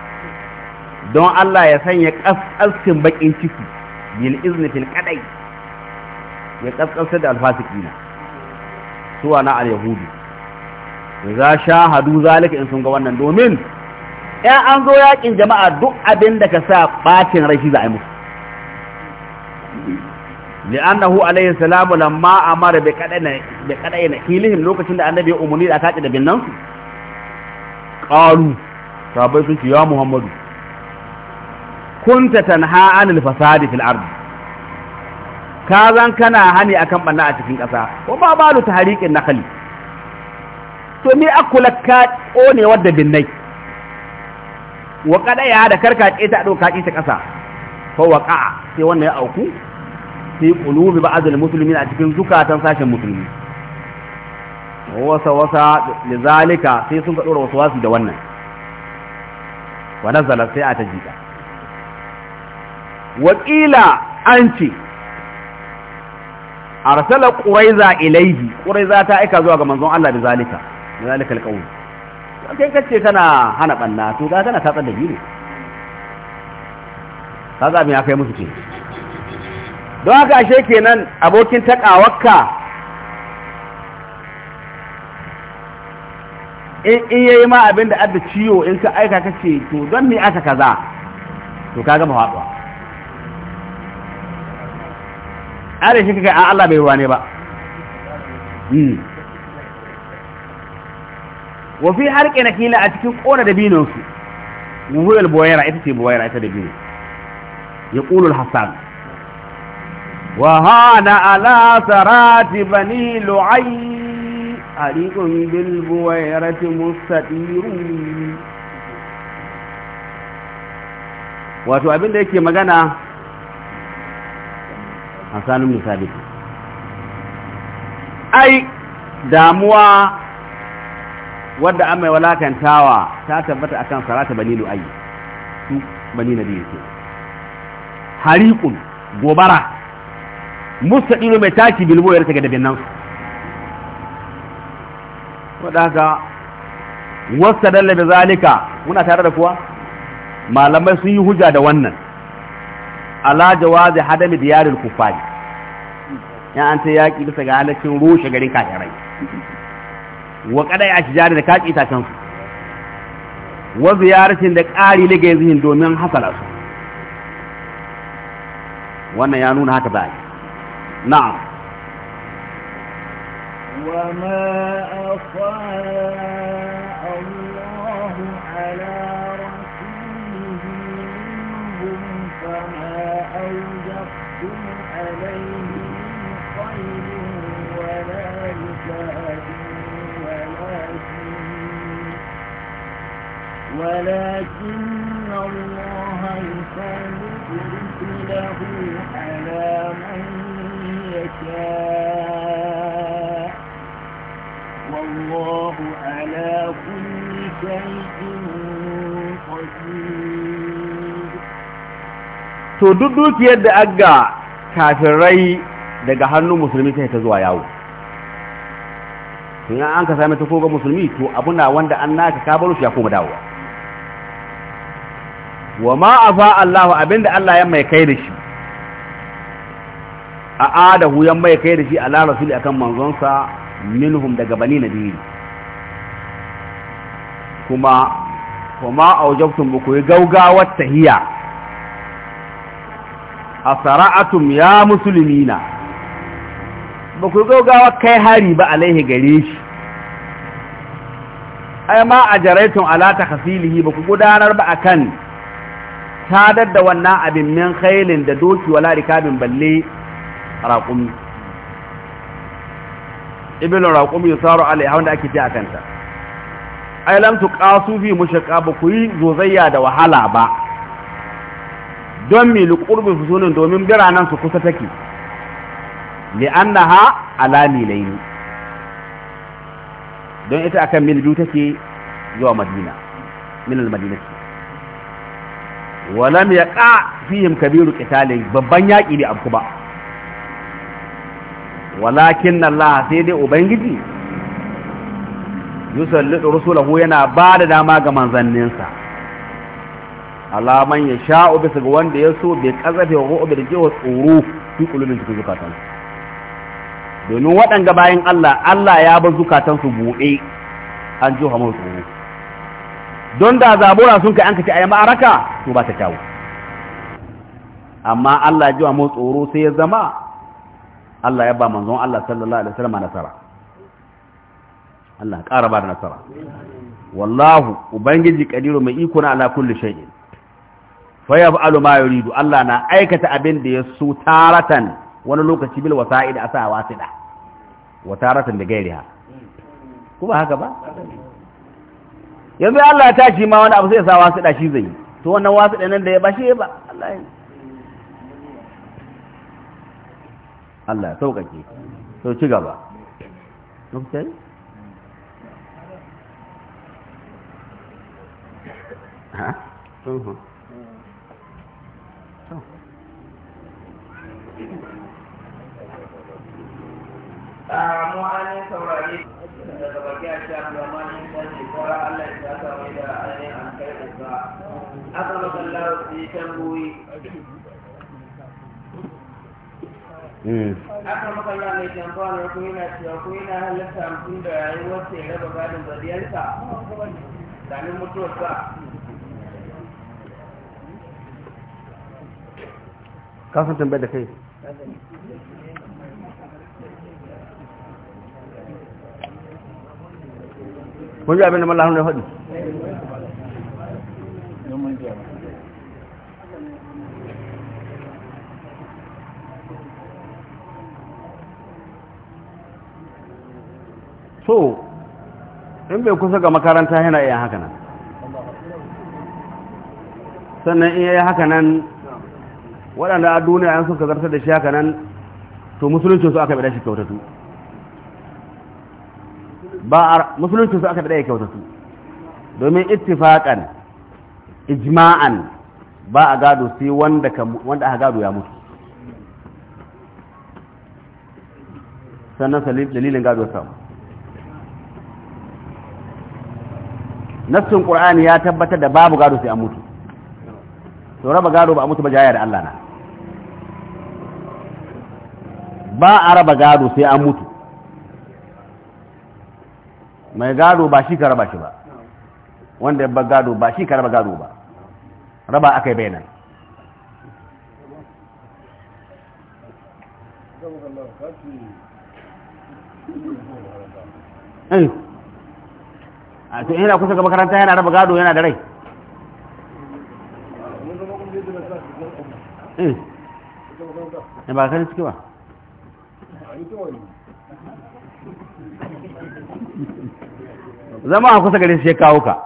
don Allah ya sanya ƙasƙaskin baƙin ciki bil izni fil kadai ya ƙasƙasar da alfasikina suwa na al za sha hadu zalika in sun ga wannan domin ya an zo yakin jama'a duk abin da ka sa ɓacin rashi za a yi musu li'annahu alayhi salamu lamma amara bi kadai bi na hilihim lokacin da annabi ya umuni a kaci da binnan su qalu sabai sun ce ya muhammadu kunta tanha anil fasadi fil ardi ka zan kana hani akan banna a cikin ƙasa wa ma balu tahriqin nakhli to ni akula ka kone wadda binnai wa kadaya da karkace ta doka ta ƙasa fa waqa sai wannan ya auku fi qulubi ba'd muslimin a cikin zukatan sashen musulmi wasa wasa lizalika sai sun ka dora wasu wasu da wannan wa nazala sai a tajika wakila an ce arsala quraiza ilaihi quraiza ta aika zuwa ga manzon Allah da zalika da zalika alqawl kai ce kana hana banna to ga tana tatsar da biyu kaza me kai musu ce don haka ashe kenan abokin takawakka in yayi ma abinda adda ciwo in ka aika kace to don me aka kaza to kaga mawaɗuwa are shi kai a Allah bai ruwa ne ba hmm. wa fi harƙe na kila a cikin ƙona da binon su wuhuyar boyara ita ce boyara ita da bino ya ƙulul hassan wa hana ala sarati bani lu'ai حريق بالبويرة مستطير wato abinda yake magana hassan ibn sabit ai damuwa wadda an mai walakantawa ta tabbata akan sarata bani ai su bani nabi yake hariqun gobara mustadilu mai taki bilbo ya ga dabin nan wadaka haka wasta dalla da zalika muna tare da kuwa malamai sun yi hujja da wannan ala jawazi hadami diyaril kufari ya an ta yaki bisa ga halakin rushe garin kafirai wa kadai ashjari da kaki ta kansu wa ziyaratin da ƙari liga yanzu domin hasala su wannan ya nuna haka ba na'am ma afa ولكن الله يسلط رسله على من يشاء والله على كل شيء قدير to duk dukiyar da aga kafirai daga hannun musulmi sai ta zuwa yawo to yan an ka same ta koga musulmi to abuna wanda an naka ka baro shi ya koma dawowa wa ma afa Allahu abinda Allah ya mai kai da shi a adahu ya mai kai da shi ala rasuli akan manzonsa minhum daga bani nabiyyi kuma kuma aujabtum bu ku gaugawar tahiya asra'atum ya muslimina ba ku gaugawar kai hari ba alaihi gare shi ai ma ajaraitun ala takhsilihi ba ku gudanar ba akan sadar da wannan abin min khailin da doki wala rikabin balle raƙumi ibn raƙumi yusaru alaiha wanda ake ji a kanta ai lam tuqasu fi mushaqqa ba ku yi zozayya da wahala ba don mi liqurbi fusunin domin biranan su kusa take annaha alami laini don ita akan mil biyu take zuwa madina min al-madinati walam ya ƙa fihim kabiru ƙitali babban yaƙi ne abu ba walakin Allah sai dai ubangiji yusallitu rusulahu yana ba da dama ga manzanninsa alaman ya sha'u bisa wanda ya so bai kazafe wa ru'u da jewa tsoro fi kulubin cikin zukatan domin waɗanga bayan Allah Allah ya bar zukatansu buɗe an jiwa masu tsoro don da zabura sun kai an kace ayi ma'araka to ba ta kyawu amma Allah ya jiwa mu tsoro sai ya zama Allah ya ba manzon Allah sallallahu alaihi wasallam nasara Allah ƙara ba da nasara wallahu ubangiji kadiru mai iko na ala kulli shay'in fa yaf'alu ma yuridu Allah na aikata abin da ya so taratan wani lokaci bil wasa'id asa wasida wa taratan da gairiha ko ba haka ba yanzu Allah ya tashi ma wani abu sai ya sa wasu da shi zai yi to wannan wasu da nan da ya ba shi ba Allah ya Allah ya sauƙaƙe to ci gaba okay ha to أعلم أن daga baki a shi abu amma ne kan Allah ya sa mai da ainihin an kai da aka su yi hmm. aka mai yana cewa ko yana halatta mutum da rayuwar sai raba gadin zariyarsa kafin tambayar da kai kun ji abin da mallahun ya faɗi so in bai kusa ga makaranta yana iya haka nan sannan iya yi haka nan waɗanda a duniya yan suka zarta da shi haka nan to musulunci su aka da shi kyautatu ba musulunci su aka daɗe kyautatu domin ittifaqan ijma'an ba a gado sai wanda aka gado ya mutu sannan dalilin gado samu nassun qur'ani ya tabbatar da babu gado sai an mutu sau raba gado ba a mutu ba jaya da Allah na ba a raba gado sai an mutu mai gado ba shi ka raba shi ba wanda ya gado ba shi ka raba gado ba raba aka yi bayanan eh. a to yana kusa ga makaranta yana raba gado yana da rai eh. Eh, ba kan suke ba zama a kusa gare shi ya kawo ka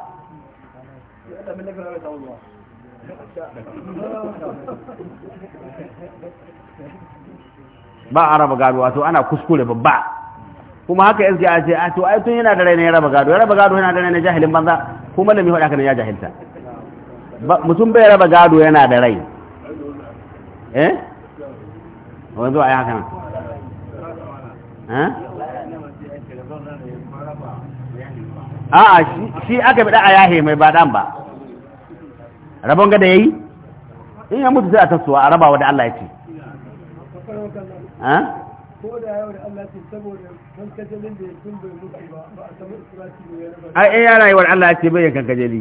ba a raba gado wato ana kuskure babba kuma haka yanzu a ce a to ai tun yana da rai ne raba gado ya raba gado yana da rai ne jahilin banza kuma da mi haka ne ya jahilta mutum bai raba gado yana da rai eh wanzu ai haka nan eh a'a shi aka bi a yahe mai ba dan ba rabon da yayi in ya mutu sai a tasowa a rabawa da Allah ya ce a in ya rayuwar Allah ya ce bai yankan kajali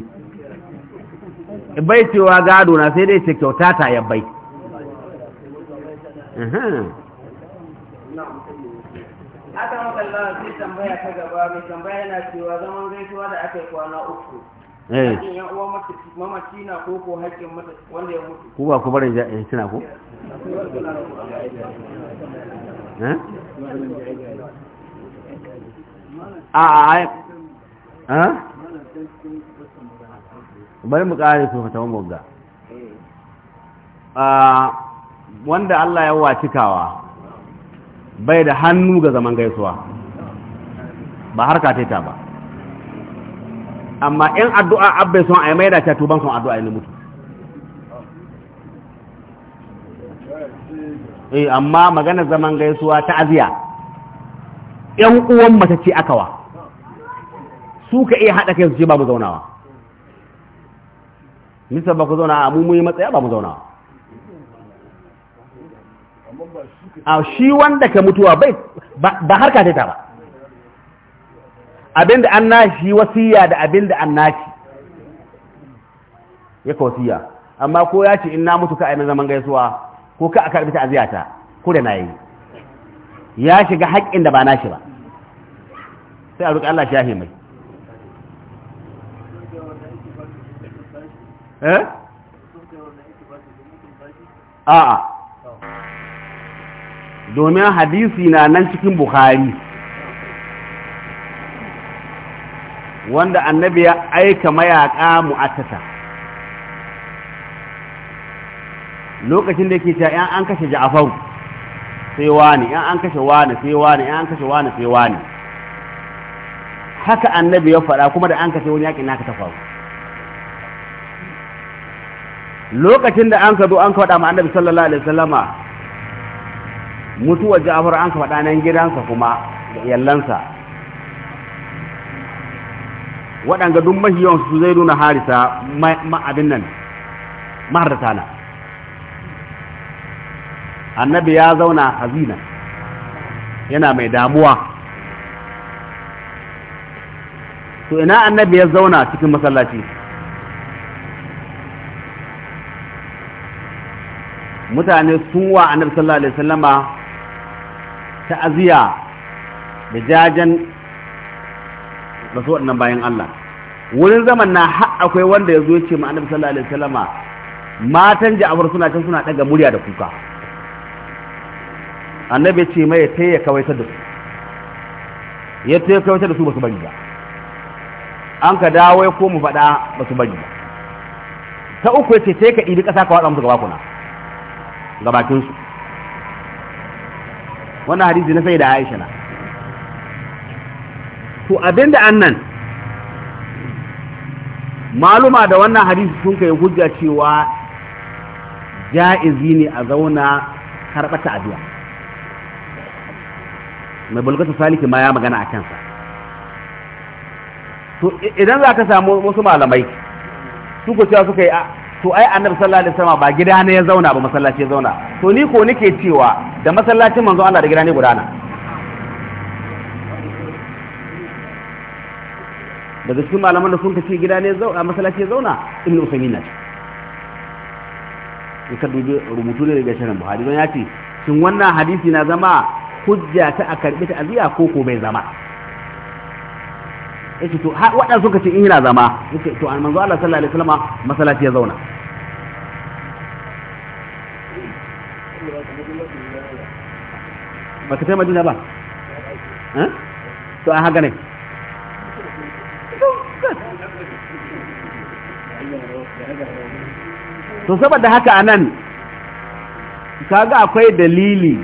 bai cewa gado na sai dai ce kyauta ta yabbai aka makalla zai tambaya ta gaba mai tambaya yana cewa zaman gaisuwa da aka yi kwana uku eh. hakkin yan uwa mamaci na ko ko hakkin wanda ya mutu ku ba ku barin ja'in eh, tuna ko eh? a ah, a ah, ah, bari mu kare ku fatawan bugga wanda Allah ya wacikawa bai da hannu ga zaman gaisuwa ba harka ta ta ba amma in addu'a abba sun a yi mai da ta tuban sun addu'a ne mutu eh amma maganar zaman gaisuwa ta aziya yan uwan mata ce akawa su ka iya haɗa kai su ce ba mu zaunawa nisa ba ku zauna a mu mu yi matsaya ba mu zaunawa a shi wanda ka mutuwa bai ba harka ta ta ba abinda an nashi wasiya da abinda an nashi ya ka wasiya amma ko ya ce in na mutu ka aimin zaman gaisuwa ko ka a karbi ta aziyata kure na yi ya shiga haƙƙin da ba nashi ba sai a roƙi Allah shi mai eh a'a domin hadisi na nan cikin bukhari wanda annabi ya aika mayaka mu'attasa lokacin da yake cewa yan an kashe ja'afar sai wani yan an kashe wani sai wani yan an kashe wani sai wani haka annabi ya faɗa kuma da an kashe wani yaƙin naka ta faru lokacin da an ka zo an ka faɗa ma annabi sallallahu alaihi wasallama mutuwar ja'afar an ka faɗa nan gidansa kuma da yallansa waɗanga duk mahiyon su zai nuna harisa ma abin nan maharata na annabi ya zauna hazina yana mai damuwa to ina annabi ya zauna cikin masallaci mutane sun wa annabi sallallahu alaihi wasallama ta'aziya da jajen da su waɗannan bayan Allah wurin zaman na har akwai wanda ya zo ya ce ma'anar annabi sallallahu alaihi wasallama matan ja'afar suna can suna ɗaga murya da kuka annabi ya ce mai ta ya kawaitar da su ya ta ya kawaitar da su ba su bari ba an ka dawo ya koma faɗa ba su bari ba ta uku ya ce ta ka ɗibi ƙasa ka waɗa musu gaba kuna bakinsu. wannan hadisi na sai da aisha na to abinda annan maluma da wannan hadisi sun kai hujja cewa ja'izi ne a zauna karɓata abiya mai bulgata saliki ma ya magana a kansa to idan za ka samu wasu malamai suka cewa suka yi to ai annabi sallallahu alaihi wasallam ba gida ne ya zauna ba masallaci ya zauna to ni ko nake cewa da masallacin manzon Allah da gida ne gudana daga cikin malaman da sun ce gida ne zauna masallaci ya zauna ibnu usaymin na in ka dubi rubutu ne daga shirin buhari don ya ce shin wannan hadisi na zama hujja ta a karbi ta aziya ko ko bai zama yace to har wadan suka ce in yana zama yace to an manzo Allah sallallahu alaihi wasallam masallaci ya zauna ba ka kai ba eh? to a haka ne to saboda haka anan kaga akwai dalili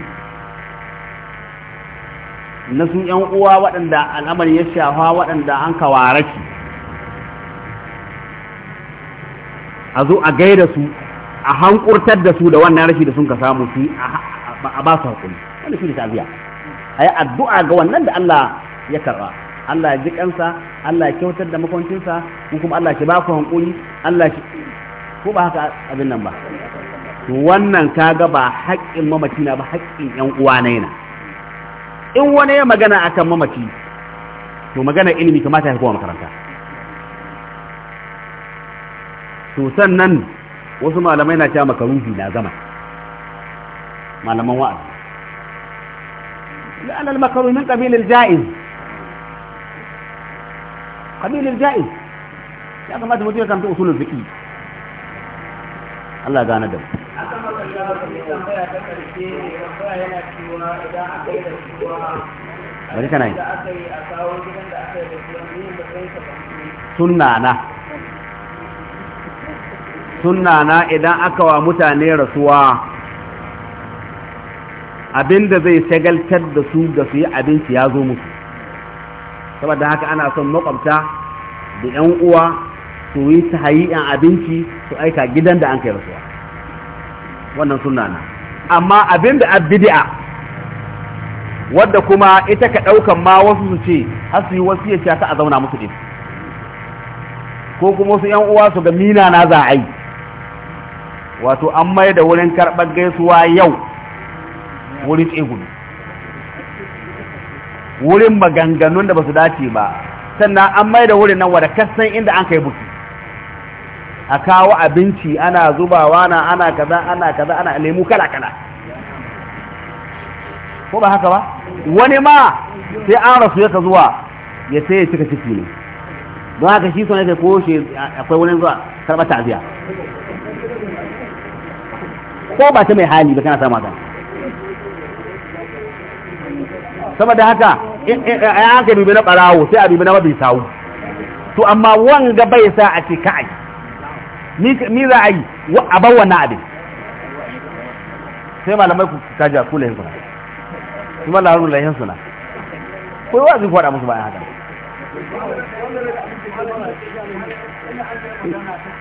na sun yan uwa waɗanda al'amari ya shafa waɗanda an ki a zo a gaida su a hankurtar da su da wannan rashi da sun ka samu su a ba su hakuri wanda shi ne tafiya a yi addu'a ga wannan da Allah ya karɓa Allah ya ji kansa Allah ya kyautar da makwancinsa ko kuma Allah ya ba ku hankuri Allah ya ko ba haka abin nan ba wannan kaga ba haƙƙin mamaci na ba haƙƙin ƴan uwa na yana in wani ya magana akan mamaki, to magana ilimi kamata ya kowa makaranta to sannan wasu malamai na cewa makaruhi na zama malaman wa'azi la'an al-makaruhi min qabil al-ja'iz qabil jaiz ya kamata mutum ya kanta usulul fiqh Allah gane da mu bari kana idan aka wa mutane rasuwa abinda zai shagaltar da su da su yi abinci ya zo musu saboda haka ana son makwabta da 'yan uwa su yi ta hayi abinci su aika gidan da an kai rasuwa wannan suna na amma abin da abbidi'a wadda kuma ita ka ɗaukan ma wasu su ce har su yi wasu ya ta a zauna musu ɗin ko kuma wasu yan uwa su ga mina na za a yi wato an mai da wurin karɓar gaisuwa yau wurin tsegumi wurin maganganun da ba su dace ba sannan an mai da wurin nan wadda kasan inda an kai buki a kawo abinci ana zubawa na ana kaza ana kaza ana lemu kala kala ko ba haka ba wani ma sai an rasu yaka zuwa ya sai ya cika ciki ne don haka shi sun yake ko shi akwai wani zuwa karɓar ta'aziya ko ba ta mai hali ba kana sama magana saboda haka an ka dubi na barawo sai a dubi na mabisawu to amma wanga bai sa a ce ka'ai. ni za a yi a bar wani abin sai malamai ku kaja ku lahin suna su ma larun lahin suna ko yi wazi kwada musu bayan haka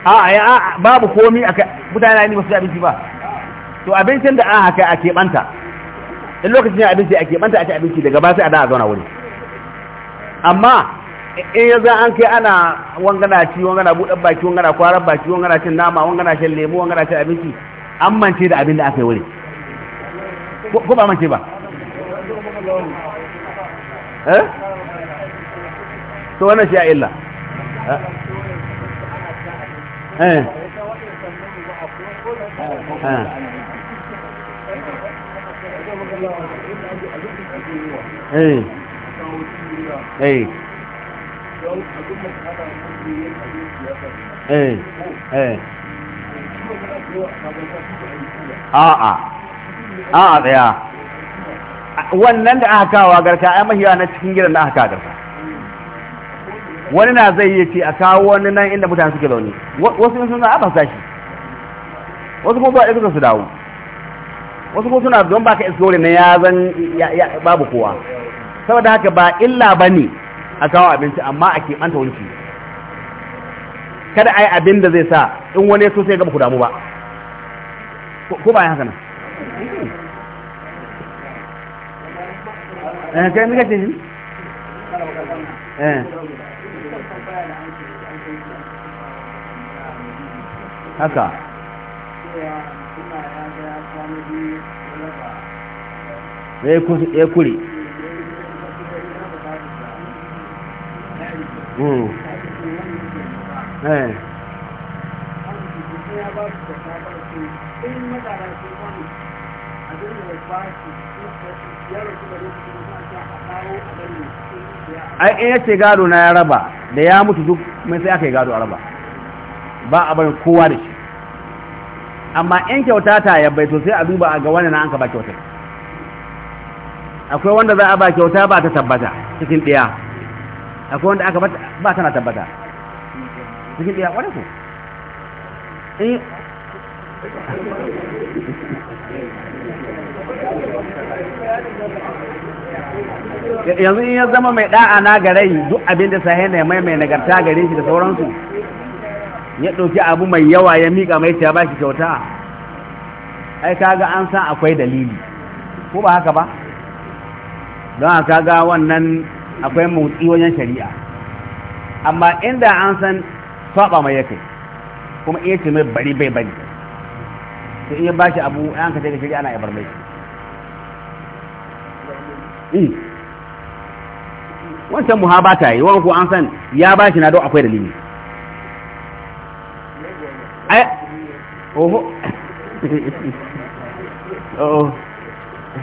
a a babu komi a mutane ne ba su abinci ba to abincin da an haka a keɓanta in lokacin abinci a keɓanta a ci abinci daga ba sai a da a zauna wuri amma in ya za an kai ana wangana ci wangana buɗar baki wangana kwarar baki wangana cin nama wangana cin lemu wangana cin abinci an mance da abin da aka yi wuri ko ba mance ba eh to wannan shi a illa eh eh eh, eh. Eh, eh. a'a a'a tsaya wannan da aka kawo garka ai mahiya na cikin gidan da aka garka wani na zai yi ce a kawo wani nan inda mutane suke zaune wasu sun na abasa shi wasu kuma ba suka su dawo wasu kuma suna don baka iskore na ya zan babu kowa saboda haka ba illa ne a kawo abinci amma a keɓanta wani kada a yi abin da zai sa in wani ya so sai gaba ku damu ba ko ba yi haka nan eh kai mika ce shi eh haka ya eh, eh, kuri Hmm. Eh. ai in yace gado na ya raba da ya mutu duk mai sai aka yi gado a raba ba a bari kowa da shi amma in kyauta ta yabbai sosai a duba a ga wani na an ka ba kyauta akwai wanda za a ba kyauta ba ta tabbata cikin ɗaya akwai wanda aka ba tana tabbata cikin ɗaya ƙwarar ku eh. yanzu in ya zama mai ɗa'a na garai duk abin da sahi ne mai mai nagarta gare shi da sauransu ya ɗauki abu mai yawa ya miƙa mai ta ba shi kyauta ai kaga an san akwai dalili ko ba haka ba don haka ga wannan akwai motsi wajen shari'a amma inda an san saba mai yake kuma iya ce mai bari bai bari to iya ba shi abu an ka ga shari'a na bar mai hmm. wancan muhabata yi wani ko an san ya ba shi na don akwai dalili ai oho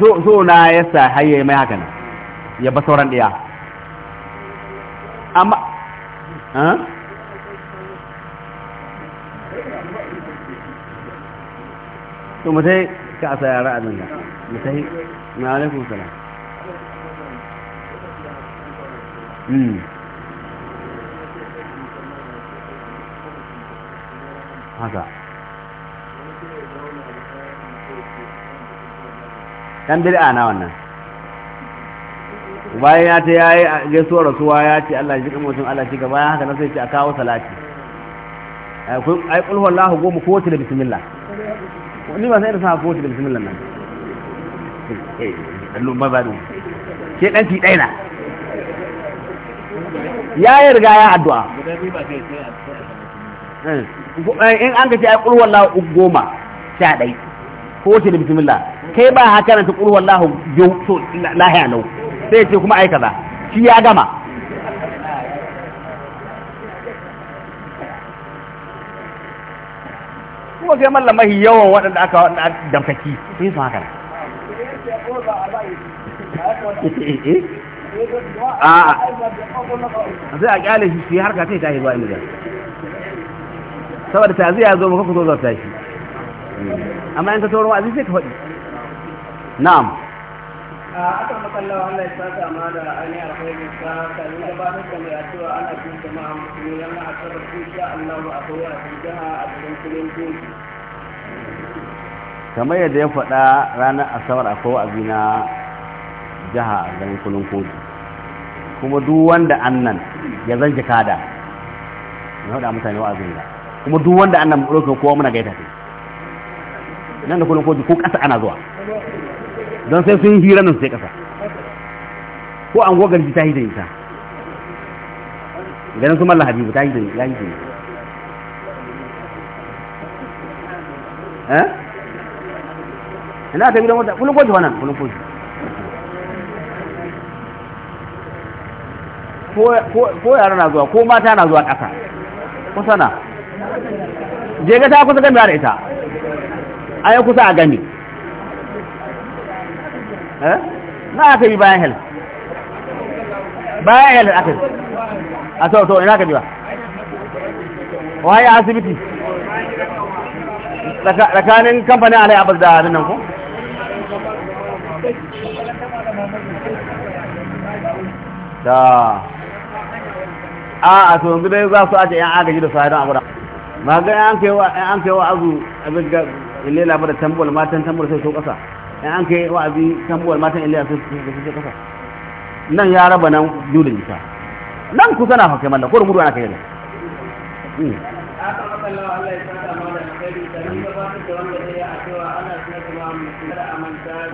so na yasa hayye mai haka nan ya ba sauran ɗaya أما ها ثم تهي كأسا يا رأى من الله ما عليكم السلام مم. هذا كان بالآن أولنا bayan ya ta yayi gaisuwar rasuwa ya ce Allah ji mutum Allah shi gaba haka nan sai ce a kawo salati ai kul wallahu goma ko ta da bismillah ni ba sai da sa ko ta da bismillah nan eh Allah ba ba ne ke dan ti daina ya yi riga ya addu'a eh, in an ka ce ai kul wallahu goma sha dai ko ta da bismillah kai ba haka nan ta kul wallahu jo so lahiya nau sai ce kuma aika za shi ya gama kuma sai mallam mahi yawan waɗanda aka waɗanda damfaki sun sun haka a sai a kyale shi shi harka sai ta yi zuwa imijan saboda ta zai ya zo maka ku zo shi amma in ka wa zai sai ka faɗi na'am a akan makallawa Allah ya saka ma da ainihin alkhairin sa kamin gabatar da mai cewa ana cikin jama'a musulmi yana a kasar sha Allah a kowa a cikin jiha a cikin kulinci kamar yadda ya faɗa ranar asabar akwai wa'azi na jiha a ganin kulun kotu kuma duk wanda annan ya zan jika da na faɗa mutane wa'azin da kuma duk wanda annan ɗaukar kowa muna gaita nan da kulun kotu ko ƙasa ana zuwa don sai sun hira nan sai kasa ko an gogar ji ta yi da ita ganin su mallah habibu ta yi da ya yi da eh? ina ta gidan wata kullum koji wannan kullum koji ko yara na zuwa ko mata na zuwa ƙasa kusa na je ga ta kusa gami da ita an kusa a gami Eh? na aka yi bayan hel bayan hel aka yi a to to ina ka biya waye asibiti tsakanin kamfanin alai abu da nan ko da a a to yanzu dai za su aje yan agaji da sahidan abu da ma ga yan kewa an kai wa azu abin ga labar da tambol matan tambol sai so kasa in an kai wa'azi kan buwar matan iliya sun ce kasa nan ya raba nan biyu da jika nan kusa na fakai mallan ko rumudu ana kai ne hmm.